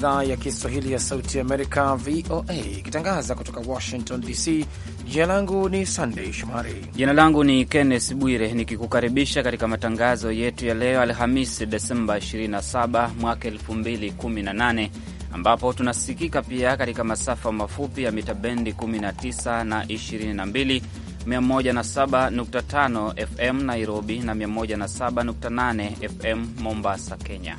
idhaa ya Kiswahili ya Sauti Amerika, VOA, ikitangaza kutoka Washington DC. Jina langu ni Sandey Shomari. Jina langu ni Kennes Bwire, nikikukaribisha katika matangazo yetu ya leo Alhamisi, Desemba 27 mwaka 2018 ambapo tunasikika pia katika masafa mafupi ya mita bendi 19 na 22, 107.5 FM Nairobi na 107.8 FM Mombasa, Kenya.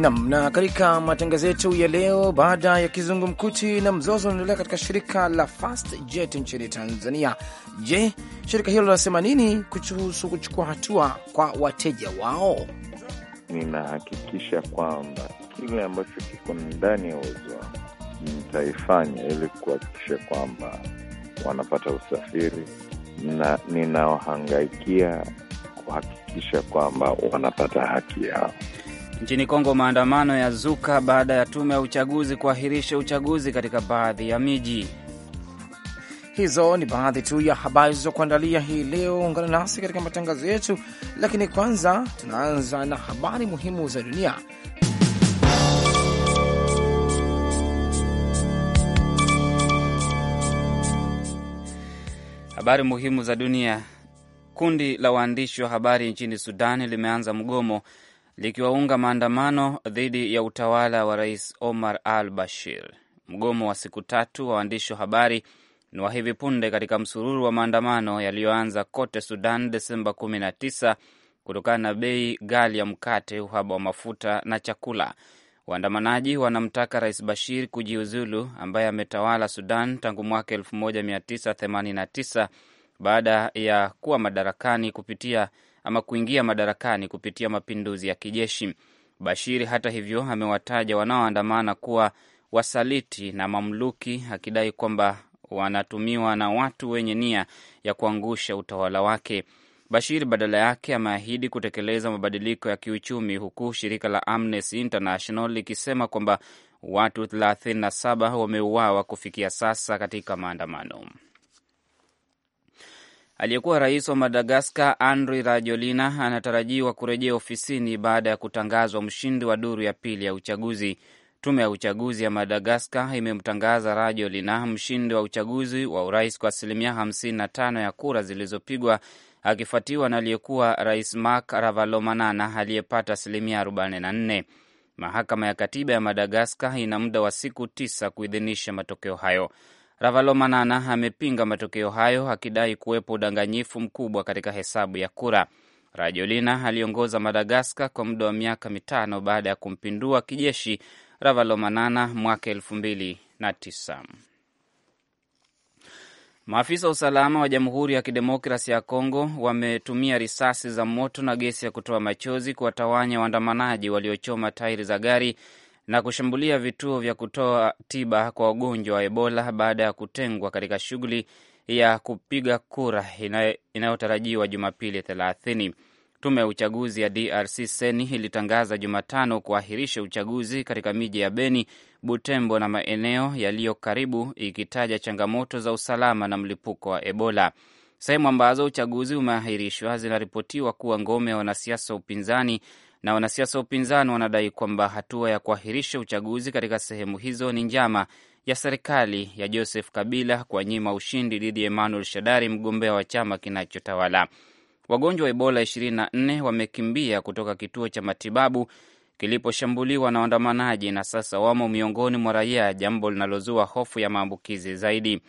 Nam na katika matangazo yetu ya leo, baada ya kizungumkuti na mzozo unaendelea katika shirika la Fast Jet nchini Tanzania. Je, shirika hilo linasema nini kuhusu kuchukua hatua kwa wateja wao? Ninahakikisha kwamba kile ambacho kiko ndani ya uwezo wangu nitaifanya ili kuhakikisha kwamba wanapata usafiri na ninaohangaikia kuhakikisha kwamba wanapata haki yao. Nchini Kongo, maandamano ya zuka baada ya tume ya uchaguzi kuahirisha uchaguzi katika baadhi ya miji. Hizo ni baadhi tu ya habari zilizokuandalia hii leo. Ungana nasi katika matangazo yetu, lakini kwanza tunaanza na habari muhimu za dunia. Habari muhimu za dunia. Kundi la waandishi wa habari nchini Sudani limeanza mgomo likiwaunga maandamano dhidi ya utawala wa Rais Omar al Bashir. Mgomo wa siku tatu wa waandishi wa habari ni wa hivi punde katika msururu wa maandamano yaliyoanza kote Sudan Desemba 19 kutokana na bei ghali ya mkate, uhaba wa mafuta na chakula. Waandamanaji wanamtaka Rais Bashir kujiuzulu, ambaye ametawala Sudan tangu mwaka 1989 baada ya kuwa madarakani kupitia ama kuingia madarakani kupitia mapinduzi ya kijeshi. Bashir hata hivyo amewataja wanaoandamana kuwa wasaliti na mamluki, akidai kwamba wanatumiwa na watu wenye nia ya kuangusha utawala wake. Bashir badala yake ameahidi kutekeleza mabadiliko ya kiuchumi, huku shirika la Amnesty International likisema kwamba watu 37 wameuawa kufikia sasa katika maandamano. Aliyekuwa rais wa Madagaskar Andry Rajoelina anatarajiwa kurejea ofisini baada ya kutangazwa mshindi wa duru ya pili ya uchaguzi. Tume ya uchaguzi ya Madagaskar imemtangaza Rajoelina mshindi wa uchaguzi wa urais kwa asilimia 55 ya kura zilizopigwa akifuatiwa na aliyekuwa rais Marc Ravalomanana aliyepata asilimia 44. Mahakama ya Katiba ya Madagaskar ina muda wa siku tisa kuidhinisha matokeo hayo. Ravalomanana amepinga matokeo hayo akidai kuwepo udanganyifu mkubwa katika hesabu ya kura. Rajolina aliongoza Madagaskar kwa muda wa miaka mitano baada ya kumpindua kijeshi Ravalomanana mwaka elfu mbili na tisa. Maafisa wa usalama wa Jamhuri ya Kidemokrasi ya Kongo wametumia risasi za moto na gesi ya kutoa machozi kuwatawanya waandamanaji waliochoma tairi za gari na kushambulia vituo vya kutoa tiba kwa wagonjwa wa Ebola baada ya kutengwa katika shughuli ya kupiga kura inayotarajiwa Jumapili thelathini Tume ya uchaguzi ya DRC seni ilitangaza Jumatano kuahirisha uchaguzi katika miji ya Beni, Butembo na maeneo yaliyo karibu, ikitaja changamoto za usalama na mlipuko wa Ebola. Sehemu ambazo uchaguzi umeahirishwa zinaripotiwa kuwa ngome ya wanasiasa wa upinzani, na wanasiasa wa upinzani wanadai kwamba hatua ya kuahirisha uchaguzi katika sehemu hizo ni njama ya serikali ya Joseph Kabila kuwanyima ushindi dhidi ya Emmanuel Shadari, mgombea wa chama kinachotawala. Wagonjwa wa Ebola 24 wamekimbia kutoka kituo cha matibabu kiliposhambuliwa na waandamanaji na sasa wamo miongoni mwa raia, jambo linalozua hofu ya maambukizi zaidi.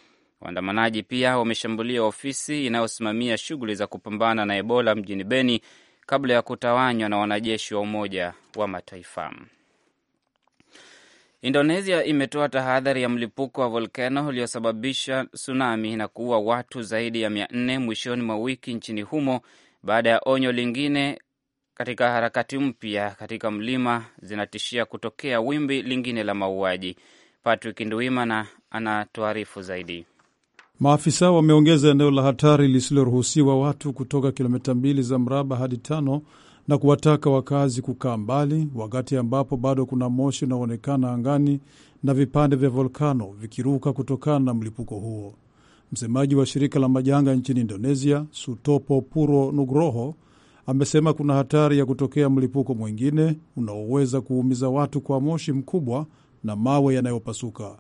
Waandamanaji pia wameshambulia ofisi inayosimamia shughuli za kupambana na Ebola mjini Beni kabla ya kutawanywa na wanajeshi wa Umoja wa Mataifa. Indonesia imetoa tahadhari ya mlipuko wa volkano uliosababisha tsunami na kuua watu zaidi ya mia nne mwishoni mwa wiki nchini humo baada ya onyo lingine katika harakati mpya katika mlima zinatishia kutokea wimbi lingine la mauaji. Patrick Nduimana anatuarifu zaidi. Maafisa wameongeza eneo la hatari lisiloruhusiwa watu kutoka kilomita mbili za mraba hadi tano na kuwataka wakazi kukaa mbali, wakati ambapo bado kuna moshi unaoonekana angani na vipande vya volkano vikiruka kutokana na mlipuko huo. Msemaji wa shirika la majanga nchini Indonesia, Sutopo Puro Nugroho, amesema kuna hatari ya kutokea mlipuko mwingine unaoweza kuumiza watu kwa moshi mkubwa na mawe yanayopasuka.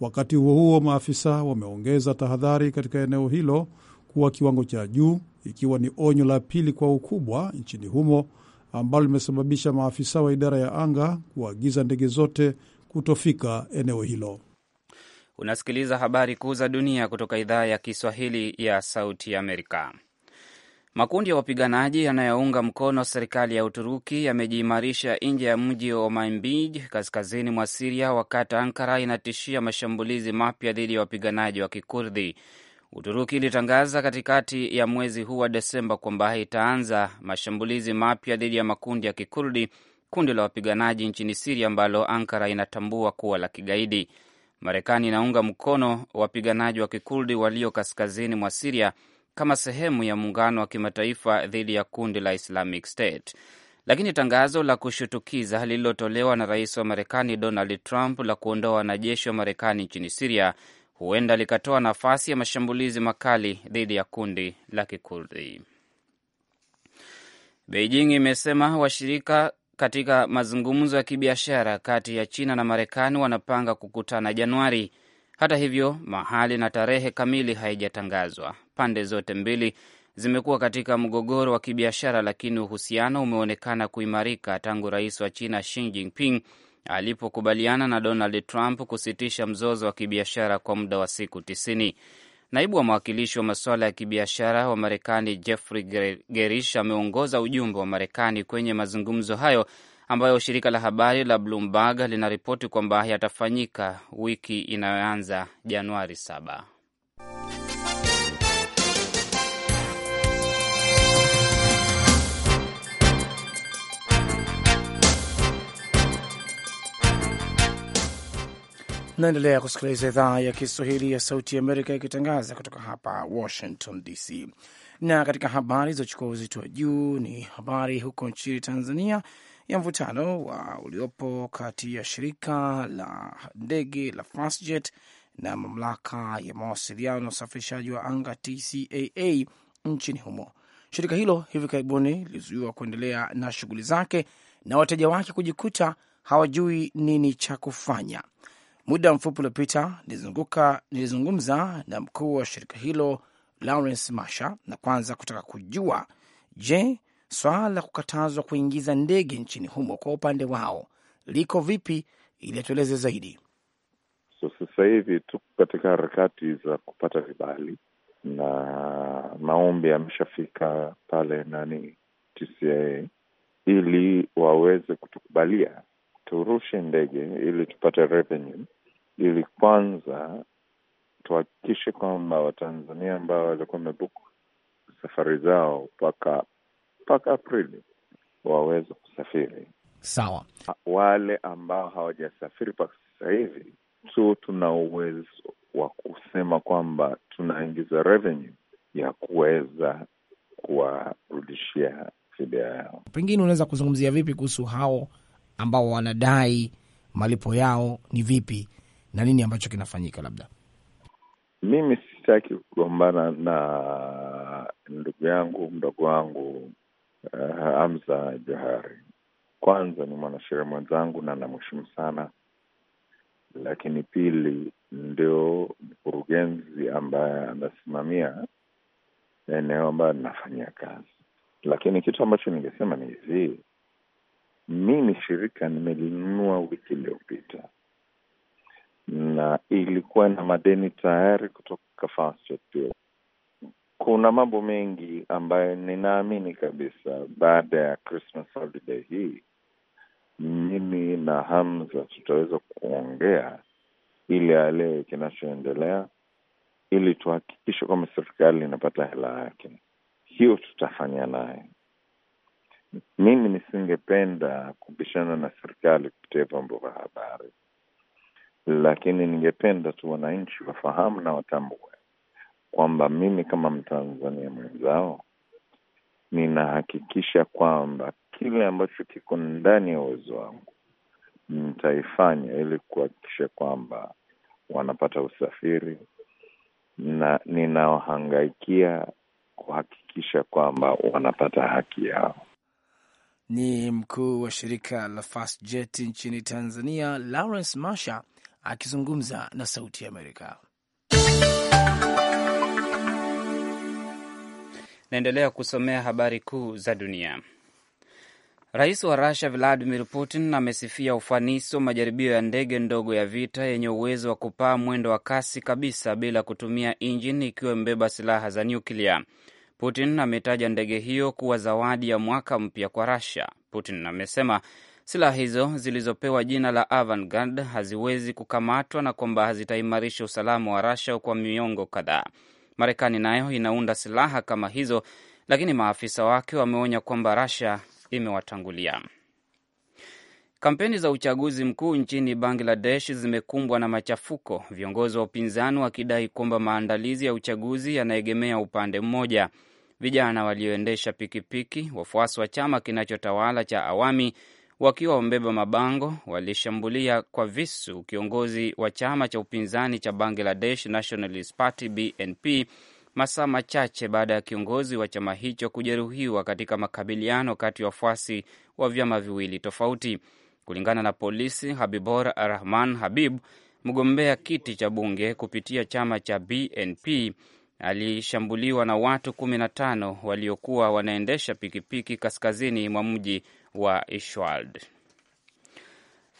Wakati huo huo, maafisa wameongeza tahadhari katika eneo hilo kuwa kiwango cha juu ikiwa ni onyo la pili kwa ukubwa nchini humo ambalo limesababisha maafisa wa idara ya anga kuagiza ndege zote kutofika eneo hilo. Unasikiliza habari kuu za dunia kutoka idhaa ya Kiswahili ya Sauti Amerika. Makundi ya wapiganaji yanayounga mkono serikali ya Uturuki yamejiimarisha nje ya mji wa Manbij kaskazini mwa Siria, wakati Ankara inatishia mashambulizi mapya dhidi ya wapiganaji wa Kikurdhi. Uturuki ilitangaza katikati ya mwezi huu wa Desemba kwamba itaanza mashambulizi mapya dhidi ya makundi ya Kikurdi, kundi la wapiganaji nchini Siria ambalo Ankara inatambua kuwa la kigaidi. Marekani inaunga mkono wapiganaji wa Kikurdi walio kaskazini mwa Siria kama sehemu ya muungano wa kimataifa dhidi ya kundi la Islamic State. Lakini tangazo la kushutukiza lililotolewa na rais wa Marekani Donald Trump la kuondoa wanajeshi wa Marekani nchini Siria huenda likatoa nafasi ya mashambulizi makali dhidi ya kundi la Kikurdi. Beijing imesema washirika katika mazungumzo ya kibiashara kati ya China na Marekani wanapanga kukutana Januari. Hata hivyo, mahali na tarehe kamili haijatangazwa. Pande zote mbili zimekuwa katika mgogoro wa kibiashara, lakini uhusiano umeonekana kuimarika tangu rais wa China Xi Jinping alipokubaliana na Donald Trump kusitisha mzozo wa kibiashara kwa muda wa siku tisini. Naibu wa mwakilishi wa masuala ya kibiashara wa Marekani Jeffrey Gerish ameongoza ujumbe wa Marekani kwenye mazungumzo hayo ambayo shirika la habari la Bloomberg linaripoti kwamba yatafanyika wiki inayoanza Januari saba. Naendelea kusikiliza idhaa ya Kiswahili ya Sauti ya Amerika ikitangaza kutoka hapa Washington DC. Na katika habari uchukua uzito wa juu ni habari huko nchini Tanzania ya mvutano wa uliopo kati ya shirika la ndege la Fastjet na mamlaka ya mawasiliano na usafirishaji wa anga TCAA nchini humo. Shirika hilo hivi karibuni lilizuiwa kuendelea na shughuli zake na wateja wake kujikuta hawajui nini cha kufanya. Muda mfupi uliopita nilizungumza na mkuu wa shirika hilo Lawrence Masha, na kwanza kutaka kujua, je, swala la kukatazwa kuingiza ndege nchini humo kwa upande wao liko vipi, ili atueleze zaidi. So sasa hivi tuko katika harakati za kupata vibali na maombi yameshafika pale nani tca ili waweze kutukubalia turushe ndege ili tupate revenue ili kwanza tuhakikishe kwamba Watanzania ambao walikuwa wamebuka safari zao mpaka mpaka Aprili waweze kusafiri. Sawa, wale ambao hawajasafiri mpaka sasa hivi tu, tuna uwezo wa kusema kwamba tunaingiza revenue ya kuweza kuwarudishia fidia yao. Pengine unaweza kuzungumzia vipi kuhusu hao ambao wanadai malipo yao ni vipi? na nini ambacho kinafanyika? Labda mimi sitaki kugombana na ndugu yangu mdogo wangu uh, Hamza Johari. Kwanza ni mwanasheria mwenzangu na namheshimu sana, lakini pili ndio mkurugenzi ambaye anasimamia eneo ambayo ninafanyia kazi. Lakini kitu ambacho ningesema ni hivi, mimi shirika nimelinunua wiki iliyopita na ilikuwa na madeni tayari kutoka Fast Fuel. Kuna mambo mengi ambayo ninaamini kabisa baada ya Christmas holiday hii mimi na Hamza tutaweza kuongea ili aelewe kinachoendelea, ili tuhakikishe kwamba serikali inapata hela yake. Hiyo tutafanya naye. Mimi nisingependa kubishana na serikali kupitia vyombo vya habari lakini ningependa tu wananchi wafahamu na watambue kwamba mimi kama Mtanzania mwenzao ninahakikisha kwamba kile ambacho kiko ndani ya uwezo wangu nitaifanya ili kuhakikisha kwamba wanapata usafiri, na ninaohangaikia kuhakikisha kwamba wanapata haki yao. Ni mkuu wa shirika la Fastjet nchini Tanzania, Lawrence Masha akizungumza na Sauti ya Amerika. Naendelea kusomea habari kuu za dunia. Rais wa Rusia Vladimir Putin amesifia ufanisi wa majaribio ya ndege ndogo ya vita yenye uwezo wa kupaa mwendo wa kasi kabisa bila kutumia injini ikiwa imebeba silaha za nyuklia. Putin ametaja ndege hiyo kuwa zawadi ya mwaka mpya kwa Rusia. Putin amesema Silaha hizo zilizopewa jina la Avangard haziwezi kukamatwa na kwamba hazitaimarisha usalama wa rasha kwa miongo kadhaa. Marekani nayo inaunda silaha kama hizo, lakini maafisa wake wameonya kwamba rasha imewatangulia. Kampeni za uchaguzi mkuu nchini Bangladesh zimekumbwa na machafuko, viongozi wa upinzani wakidai kwamba maandalizi ya uchaguzi yanaegemea upande mmoja. Vijana walioendesha pikipiki, wafuasi wa chama kinachotawala cha Awami wakiwa wamebeba mabango walishambulia kwa visu kiongozi wa chama cha upinzani cha Bangladesh Nationalist Party BNP masaa machache baada ya kiongozi wa chama hicho kujeruhiwa katika makabiliano kati ya wafuasi wa vyama viwili tofauti. Kulingana na polisi, Habibor Rahman Habib, mgombea kiti cha bunge kupitia chama cha BNP, alishambuliwa na watu 15 waliokuwa wanaendesha pikipiki kaskazini mwa mji wa Ishwald.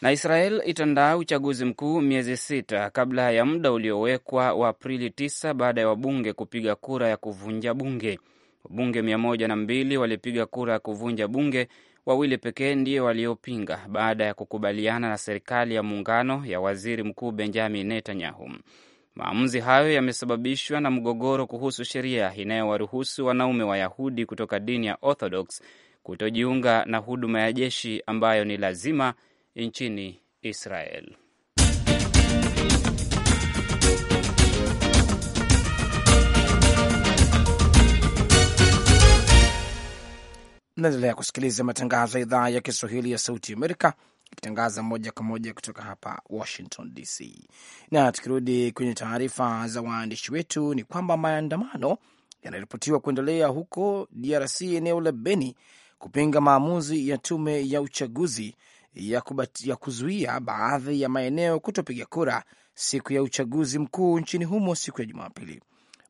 Na Israel itandaa uchaguzi mkuu miezi sita kabla ya muda uliowekwa wa Aprili 9 baada ya wabunge kupiga kura ya kuvunja bunge. Wabunge mia na mbili walipiga kura ya kuvunja bunge, wawili pekee ndiyo waliopinga, baada ya kukubaliana na serikali ya muungano ya waziri mkuu Benjamin Netanyahu. Maamuzi hayo yamesababishwa na mgogoro kuhusu sheria inayowaruhusu wanaume Wayahudi kutoka dini ya Orthodox kutojiunga na huduma ya jeshi ambayo ni lazima nchini Israel. Naendelea kusikiliza matangazo ya idhaa ya Kiswahili ya Sauti Amerika ikitangaza moja kwa moja kutoka hapa Washington DC. Na tukirudi kwenye taarifa za waandishi wetu, ni kwamba maandamano yanaripotiwa kuendelea huko DRC, eneo la Beni, kupinga maamuzi ya tume ya uchaguzi ya, ya kuzuia baadhi ya maeneo kutopiga kura siku ya uchaguzi mkuu nchini humo siku ya Jumapili.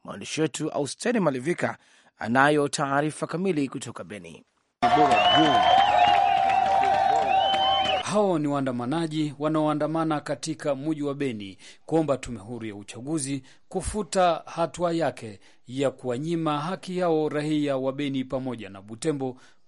Mwandishi wetu austeni Malivika anayo taarifa kamili kutoka Beni. Hao ni waandamanaji wanaoandamana katika muji wa Beni kuomba tume huru ya uchaguzi kufuta hatua yake ya kuwanyima haki yao raia wa Beni pamoja na Butembo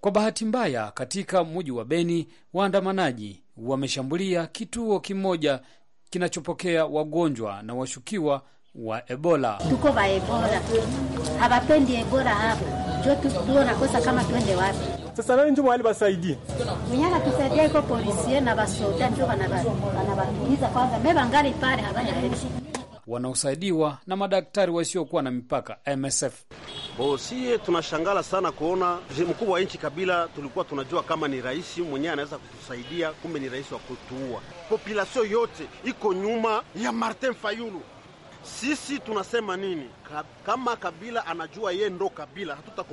Kwa bahati mbaya, katika mji wa Beni waandamanaji wameshambulia kituo kimoja kinachopokea wagonjwa na washukiwa wa Ebola. Tuko ba Ebola, hawapendi Ebola hapo jo, tuko nakosa kama twende wapi sasa. Nani njo mahali basaidie mwenyana tusaidia, iko polisie na basoda njo wanabatuliza kwanza, me bangali pale hawana wanaosaidiwa na madaktari wasiokuwa na mipaka MSF Bosie tunashangala sana kuona mkubwa wa nchi Kabila, tulikuwa tunajua kama ni rais mwenyewe anaweza kutusaidia, kumbe ni rais wa kutuua. Population yote iko nyuma ya Martin Fayulu. Sisi tunasema nini? Kama Kabila anajua ye ndo Kabila, hatuta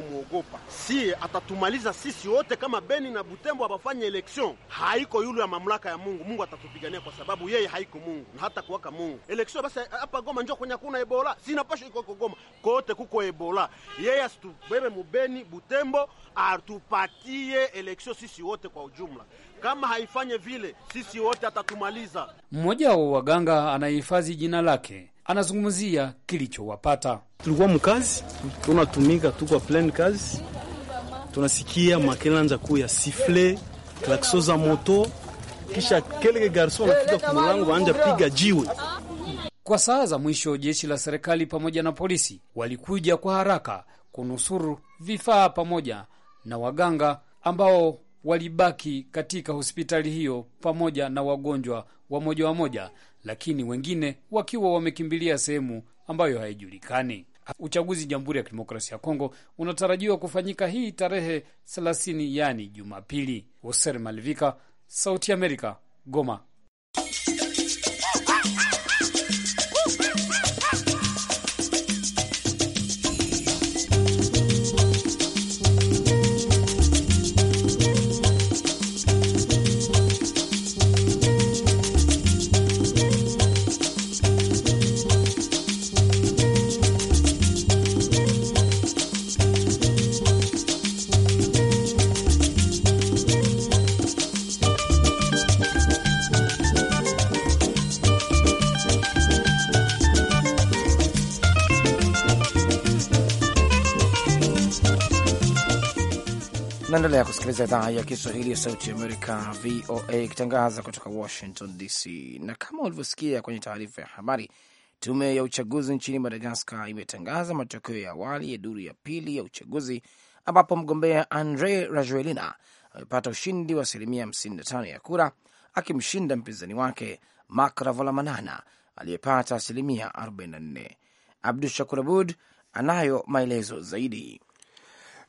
sie, atatumaliza sisi wote. Kama Beni na Butembo abafanye eleksion, haiko yule ya mamlaka ya Mungu. Mungu atatupigania kwa sababu yeye haiko Mungu na hata kuwaka Mungu. Eleksion basi eh, hapa Goma njo kwenye kuna Ebola, sinapasha iko iko Goma kote kuko Ebola. Yeye asitubebe mubeni Butembo, atupatie eleksion sisi wote kwa ujumla. Kama haifanye vile, sisi wote atatumaliza. Mmoja wa waganga anahifadhi jina lake anazungumzia kilichowapata. Tulikuwa mkazi, tunatumika tu kwa plan kazi, tunasikia makelanja kuu ya sifle klakso za moto, kisha kelege garso anafika kwa mlango anja piga jiwe. Kwa saa za mwisho, jeshi la serikali pamoja na polisi walikuja kwa haraka kunusuru vifaa pamoja na waganga ambao walibaki katika hospitali hiyo pamoja na wagonjwa wa moja wa moja lakini wengine wakiwa wamekimbilia sehemu ambayo haijulikani. Uchaguzi Jamhuri ya Kidemokrasia ya Kongo unatarajiwa kufanyika hii tarehe 30, yani Jumapili. Hoser Malivika, Sauti Amerika, Goma. Naendelea kusikiliza idhaa ya Kiswahili ya Sauti Amerika, VOA, ikitangaza kutoka Washington DC. Na kama ulivyosikia kwenye taarifa ya habari, tume ya uchaguzi nchini Madagaskar imetangaza matokeo ya awali ya duru ya pili ya uchaguzi ambapo mgombea Andre Rajoelina amepata ushindi wa asilimia 55 ya kura akimshinda mpinzani wake Mak Ravalomanana aliyepata asilimia 44. Abdu Shakur Abud anayo maelezo zaidi.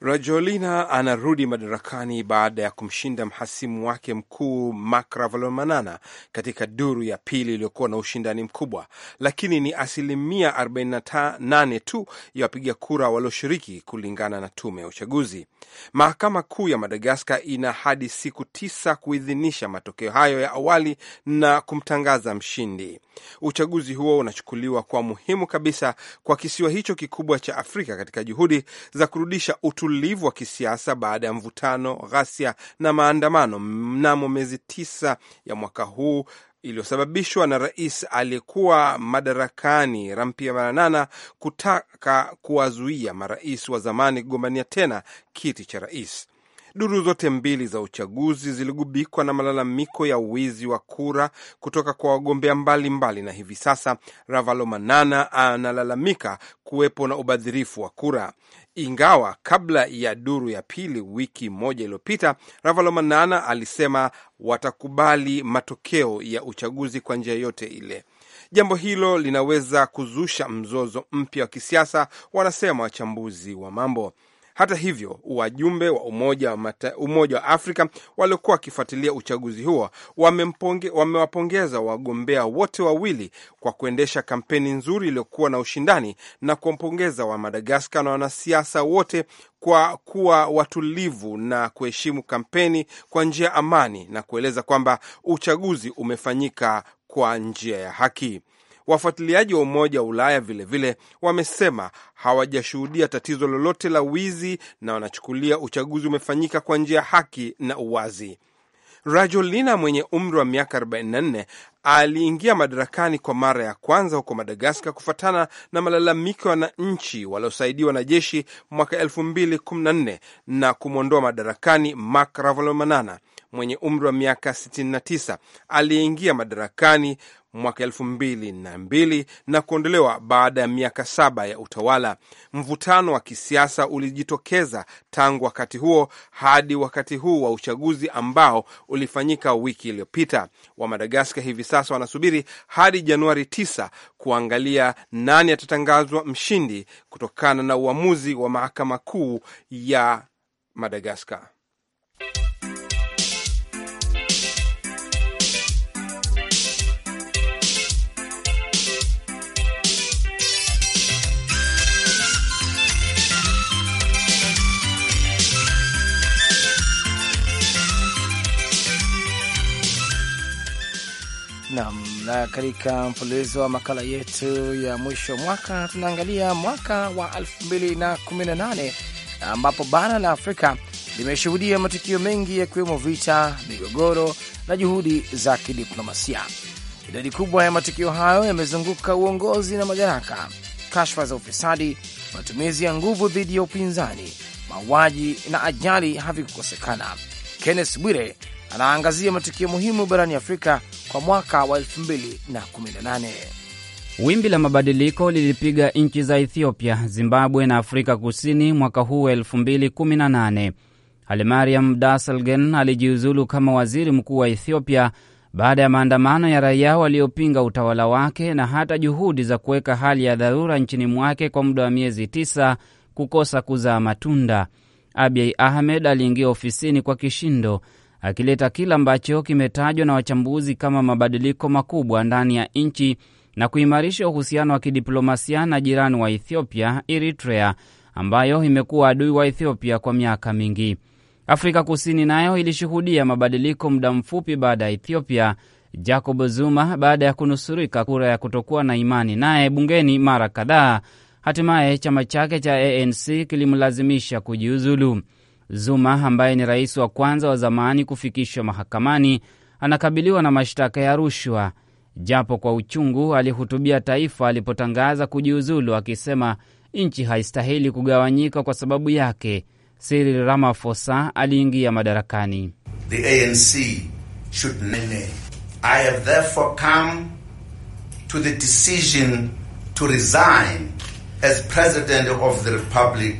Rajolina anarudi madarakani baada ya kumshinda mhasimu wake mkuu Mak Ravalomanana katika duru ya pili iliyokuwa na ushindani mkubwa, lakini ni asilimia 48 tu ya wapiga kura walioshiriki, kulingana na tume ya uchaguzi. Mahakama Kuu ya Madagaskar ina hadi siku tisa kuidhinisha matokeo hayo ya awali na kumtangaza mshindi. Uchaguzi huo unachukuliwa kwa muhimu kabisa kwa kisiwa hicho kikubwa cha Afrika katika juhudi za kurudisha utu utulivu wa kisiasa baada ya mvutano, ghasia na maandamano mnamo miezi tisa ya mwaka huu iliyosababishwa na rais aliyekuwa madarakani Rampianana kutaka kuwazuia marais wa zamani kugombania tena kiti cha rais. Duru zote mbili za uchaguzi ziligubikwa na malalamiko ya uwizi wa kura kutoka kwa wagombea mbalimbali, na hivi sasa Ravalomanana analalamika kuwepo na ubadhirifu wa kura, ingawa kabla ya duru ya pili wiki moja iliyopita Ravalomanana alisema watakubali matokeo ya uchaguzi kwa njia yote ile. Jambo hilo linaweza kuzusha mzozo mpya wa kisiasa, wanasema wachambuzi wa mambo. Hata hivyo, wajumbe wa Umoja wa, mata, Umoja wa Afrika waliokuwa wakifuatilia uchaguzi huo wamewapongeza wagombea wote wawili kwa kuendesha kampeni nzuri iliyokuwa na ushindani na kuwapongeza wa Madagaskar na wanasiasa wote kwa kuwa watulivu na kuheshimu kampeni kwa njia amani na kueleza kwamba uchaguzi umefanyika kwa njia ya haki. Wafuatiliaji wa Umoja wa Ulaya vilevile wamesema hawajashuhudia tatizo lolote la wizi na wanachukulia uchaguzi umefanyika kwa njia haki na uwazi. Rajolina mwenye umri wa miaka 44 aliingia madarakani kwa mara ya kwanza huko Madagaskar kufuatana na malalamiko ya wananchi waliosaidiwa na jeshi mwaka 2014 na kumwondoa madarakani Marc Ravalomanana mwenye umri wa miaka 69 aliyeingia madarakani mwaka elfu mbili na mbili na kuondolewa baada ya miaka saba ya utawala. Mvutano wa kisiasa ulijitokeza tangu wakati huo hadi wakati huu wa uchaguzi ambao ulifanyika wiki iliyopita. Wa Madagaskar hivi sasa wanasubiri hadi Januari 9 kuangalia nani atatangazwa mshindi kutokana na uamuzi wa mahakama kuu ya Madagaskar. Nam na katika mfululizo wa makala yetu ya mwisho mwaka tunaangalia mwaka wa 2018 ambapo bara la Afrika limeshuhudia matukio mengi yakiwemo vita, migogoro na juhudi za kidiplomasia. Idadi kubwa ya matukio hayo yamezunguka uongozi na madaraka, kashfa za ufisadi, matumizi ya nguvu dhidi ya upinzani, mauaji na ajali havikukosekana. Kenneth Bwire anaangazia matukio muhimu barani Afrika kwa mwaka wa 2018. Wimbi la mabadiliko lilipiga nchi za Ethiopia, Zimbabwe na Afrika Kusini mwaka huu wa 2018. Hailemariam Desalegn alijiuzulu kama waziri mkuu wa Ethiopia baada ya maandamano ya raia waliopinga utawala wake na hata juhudi za kuweka hali ya dharura nchini mwake kwa muda wa miezi tisa kukosa kuzaa matunda. Abiy Ahmed aliingia ofisini kwa kishindo akileta kile ambacho kimetajwa na wachambuzi kama mabadiliko makubwa ndani ya nchi na kuimarisha uhusiano wa kidiplomasia na jirani wa Ethiopia, Eritrea, ambayo imekuwa adui wa Ethiopia kwa miaka mingi. Afrika Kusini nayo ilishuhudia mabadiliko muda mfupi baada ya Ethiopia, Jacob Zuma baada ya kunusurika kura ya kutokuwa na imani naye bungeni mara kadhaa, hatimaye chama chake cha ANC kilimlazimisha kujiuzulu. Zuma ambaye ni rais wa kwanza wa zamani kufikishwa mahakamani anakabiliwa na mashtaka ya rushwa, japo kwa uchungu alihutubia taifa alipotangaza kujiuzulu akisema nchi haistahili kugawanyika kwa sababu yake. Cyril Ramaphosa aliingia madarakani. The ANC should... I have therefore come to the decision to resign as president of the republic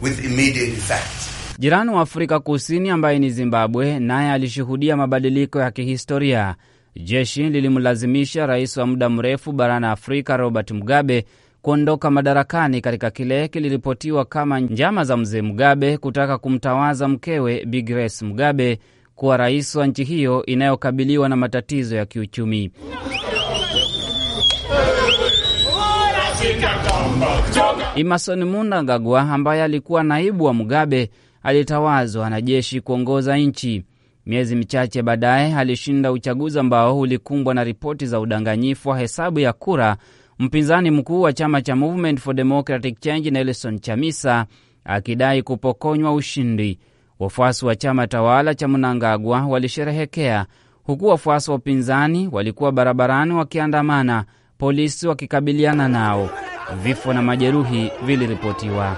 with immediate effect. Jirani wa Afrika Kusini ambaye ni Zimbabwe naye alishuhudia mabadiliko ya kihistoria. Jeshi lilimlazimisha rais wa muda mrefu barani Afrika Robert Mugabe kuondoka madarakani katika kile kiliripotiwa kama njama za mzee Mugabe kutaka kumtawaza mkewe Bi Grace Mugabe kuwa rais wa nchi hiyo inayokabiliwa na matatizo ya kiuchumi. Emmerson Mnangagwa ambaye alikuwa naibu wa Mugabe alitawazwa na jeshi kuongoza nchi. Miezi michache baadaye alishinda uchaguzi ambao ulikumbwa na ripoti za udanganyifu wa hesabu ya kura, mpinzani mkuu wa chama cha Movement for Democratic Change Nelson Chamisa akidai kupokonywa ushindi. Wafuasi wa chama tawala cha Mnangagwa walisherehekea huku wafuasi wa upinzani walikuwa barabarani wakiandamana, polisi wakikabiliana nao. Vifo na majeruhi viliripotiwa.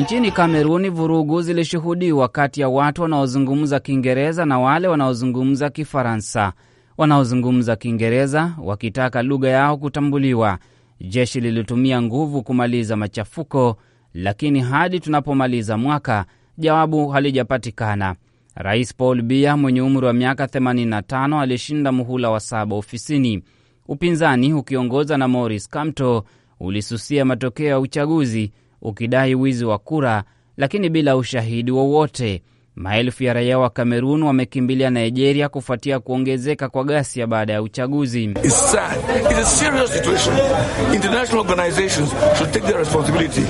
Nchini Kameruni, vurugu zilishuhudiwa kati ya watu wanaozungumza Kiingereza na wale wanaozungumza Kifaransa, wanaozungumza Kiingereza wakitaka lugha yao kutambuliwa. Jeshi lilitumia nguvu kumaliza machafuko, lakini hadi tunapomaliza mwaka jawabu halijapatikana. Rais Paul Biya mwenye umri wa miaka 85 alishinda muhula wa saba ofisini. Upinzani ukiongoza na Maurice Kamto ulisusia matokeo ya uchaguzi ukidai wizi wa kura, lakini bila ushahidi wowote. Maelfu ya raia wa Kamerun wamekimbilia Nigeria kufuatia kuongezeka kwa ghasia baada ya uchaguzi.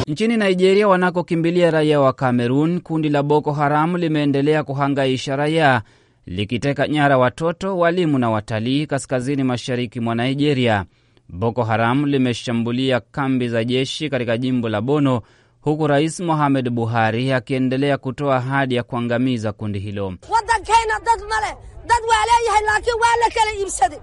Nchini Nigeria wanakokimbilia raia wa Kamerun, kundi la Boko Haram limeendelea kuhangaisha raia likiteka nyara watoto, walimu na watalii kaskazini mashariki mwa Nigeria. Boko Haram limeshambulia kambi za jeshi katika jimbo la Bono, huku Rais Mohamed Buhari akiendelea kutoa ahadi ya kuangamiza kundi hilo.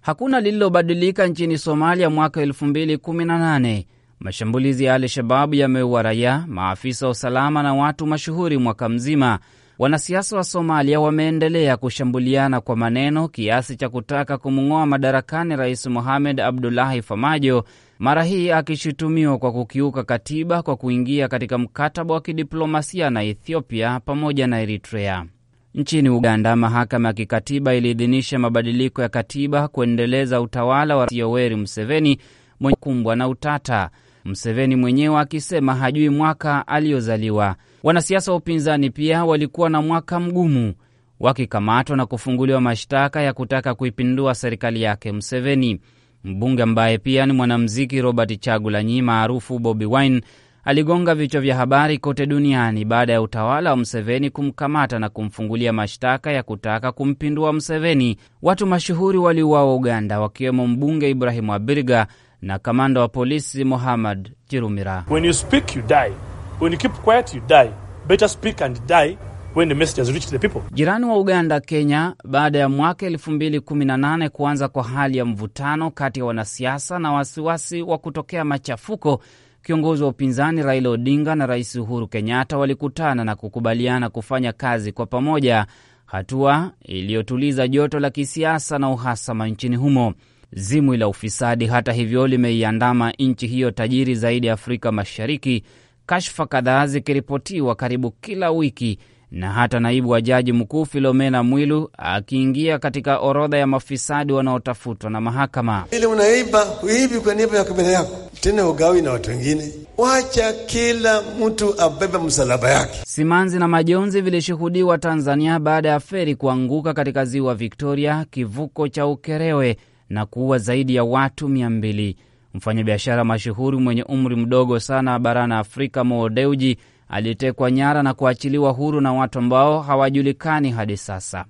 Hakuna lililobadilika nchini Somalia mwaka 2018. Mashambulizi ya Al-Shababu yameua raia, maafisa wa usalama na watu mashuhuri mwaka mzima. Wanasiasa wa Somalia wameendelea kushambuliana kwa maneno kiasi cha kutaka kumng'oa madarakani Rais Mohamed Abdullahi Farmajo, mara hii akishutumiwa kwa kukiuka katiba kwa kuingia katika mkataba wa kidiplomasia na Ethiopia pamoja na Eritrea. Nchini Uganda, mahakama ya kikatiba iliidhinisha mabadiliko ya katiba kuendeleza utawala wa Yoweri Museveni mwenye kumbwa na utata, Museveni mwenyewe akisema hajui mwaka aliyozaliwa. Wanasiasa wa upinzani pia walikuwa na mwaka mgumu wakikamatwa na kufunguliwa mashtaka ya kutaka kuipindua serikali yake Museveni. Mbunge ambaye pia ni mwanamuziki Robert Chagulanyi maarufu Bobi Wine aligonga vichwa vya habari kote duniani baada ya utawala wa Mseveni kumkamata na kumfungulia mashtaka ya kutaka kumpindua Mseveni. Watu mashuhuri waliuawa Uganda, wakiwemo mbunge Ibrahimu abirga na kamanda wa polisi mohammad Chirumira. When you speak, you die. When you keep quiet, you die. Better speak and die when the message has reached the people. Jirani wa Uganda, Kenya, baada ya mwaka 2018 kuanza kwa hali ya mvutano kati ya wanasiasa na wasiwasi wa kutokea machafuko, kiongozi wa upinzani Raila Odinga na Rais Uhuru Kenyatta walikutana na kukubaliana kufanya kazi kwa pamoja, hatua iliyotuliza joto la kisiasa na uhasama nchini humo. Zimwi la ufisadi, hata hivyo, limeiandama nchi hiyo tajiri zaidi ya Afrika Mashariki kashfa kadhaa zikiripotiwa karibu kila wiki, na hata naibu wa jaji mkuu Filomena Mwilu akiingia katika orodha ya mafisadi wanaotafutwa na mahakama. Ili unaiba uibi kwa niaba ya kabila yako, tena ugawi na watu wengine. Wacha kila mtu abebe msalaba yake. Simanzi na majonzi vilishuhudiwa Tanzania baada ya feri kuanguka katika ziwa Victoria, kivuko cha Ukerewe, na kuua zaidi ya watu mia mbili. Mfanyabiashara mashuhuri mwenye umri mdogo sana barani Afrika, Mo Dewji nyara na kuachiliwa huru na watu ambao hawajulikani hadi sasa.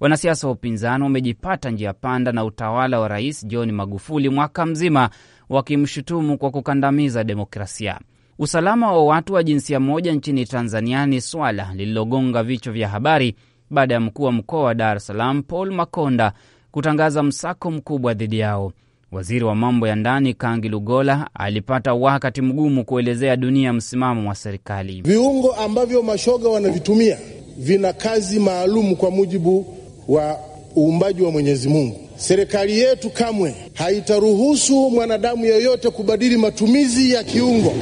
Wanasiasa wa upinzani wamejipata njia panda na utawala wa Rais John Magufuli mwaka mzima wakimshutumu kwa kukandamiza demokrasia. Usalama wa watu wa jinsia moja nchini Tanzania ni swala lililogonga vichwa vya habari baada ya mkuu wa mkoa wa Dar es Salaam Paul Makonda kutangaza msako mkubwa dhidi yao. Waziri wa mambo ya ndani Kangi Lugola alipata wakati mgumu kuelezea dunia msimamo wa serikali. Viungo ambavyo mashoga wanavitumia vina kazi maalum kwa mujibu wa uumbaji wa Mwenyezi Mungu. Serikali yetu kamwe haitaruhusu mwanadamu yeyote kubadili matumizi ya kiungo.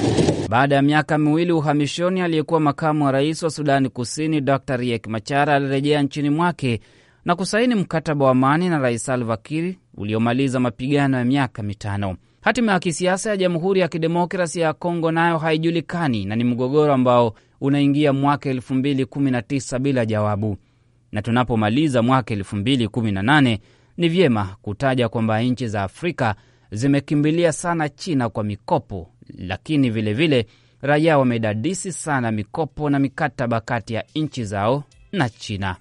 Baada ya miaka miwili uhamishoni, aliyekuwa makamu wa rais wa Sudani Kusini Dr Riek Machara alirejea nchini mwake na kusaini mkataba wa amani na Rais Salva Kiir uliomaliza mapigano ya miaka mitano. Hatima ya kisiasa ya Jamhuri ya Kidemokrasia ya Kongo nayo haijulikani na ni mgogoro ambao unaingia mwaka 2019 bila jawabu, na tunapomaliza mwaka 2018 ni vyema kutaja kwamba nchi za Afrika zimekimbilia sana China kwa mikopo, lakini vilevile raia wamedadisi sana mikopo na mikataba kati ya nchi zao na China.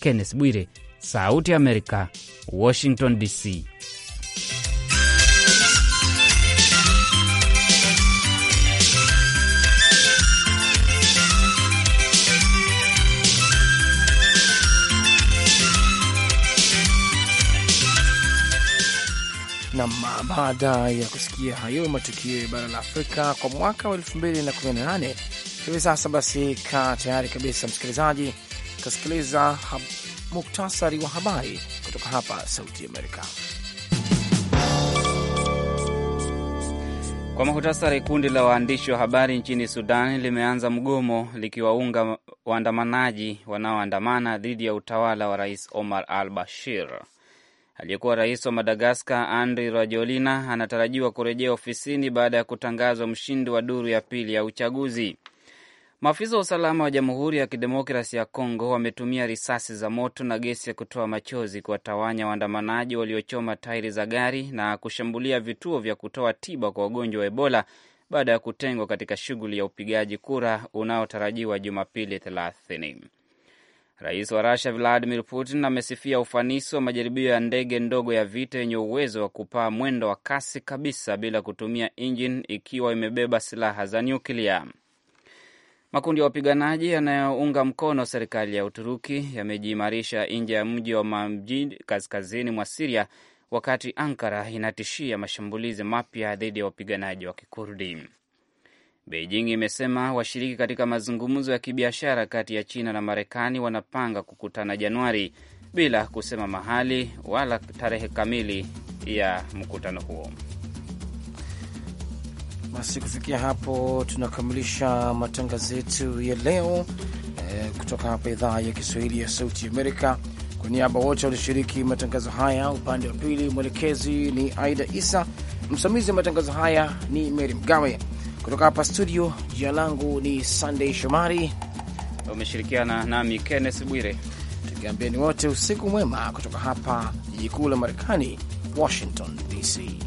Kenneth Bwire, Sauti america Amerika, Washington DC. nam baada ya kusikia hayo matukio ya bara la Afrika kwa mwaka wa 218 hivi sasa, basi kaa tayari kabisa msikilizaji kasikiliza muktasari wa habari kutoka hapa Sauti Amerika. Kwa muhtasari, kundi la waandishi wa habari nchini Sudan limeanza mgomo likiwaunga waandamanaji wanaoandamana dhidi ya utawala wa Rais Omar al Bashir. Aliyekuwa rais wa Madagaskar Andry Rajoelina anatarajiwa kurejea ofisini baada ya kutangazwa mshindi wa duru ya pili ya uchaguzi. Maafisa wa usalama wa Jamhuri ya Kidemokrasi ya congo wametumia risasi za moto na gesi ya kutoa machozi kuwatawanya waandamanaji waliochoma tairi za gari na kushambulia vituo vya kutoa tiba kwa wagonjwa wa Ebola baada ya kutengwa katika shughuli ya upigaji kura unaotarajiwa Jumapili thelathini. Rais wa Rusia Vladimir Putin amesifia ufanisi wa majaribio ya ndege ndogo ya vita yenye uwezo wa kupaa mwendo wa kasi kabisa bila kutumia injini ikiwa imebeba silaha za nyuklia. Makundi ya wapiganaji yanayounga mkono serikali ya Uturuki yamejiimarisha nje ya mji wa Manbij kaskazini mwa Siria, wakati Ankara inatishia mashambulizi mapya dhidi ya wapiganaji wa Kikurdi. Beijing imesema washiriki katika mazungumzo ya kibiashara kati ya China na Marekani wanapanga kukutana Januari, bila kusema mahali wala tarehe kamili ya mkutano huo. Basi kufikia hapo tunakamilisha matangazo yetu ya leo eh, kutoka hapa idhaa ya Kiswahili ya Sauti Amerika. Kwa niaba wote walioshiriki matangazo haya, upande wa pili mwelekezi ni Aida Isa, msimamizi wa matangazo haya ni Meri Mgawe. Kutoka hapa studio, jina langu ni Sandey Shomari, umeshirikiana nami Kennes Bwire, tukiambieni wote usiku mwema kutoka hapa jiji kuu la Marekani, Washington DC.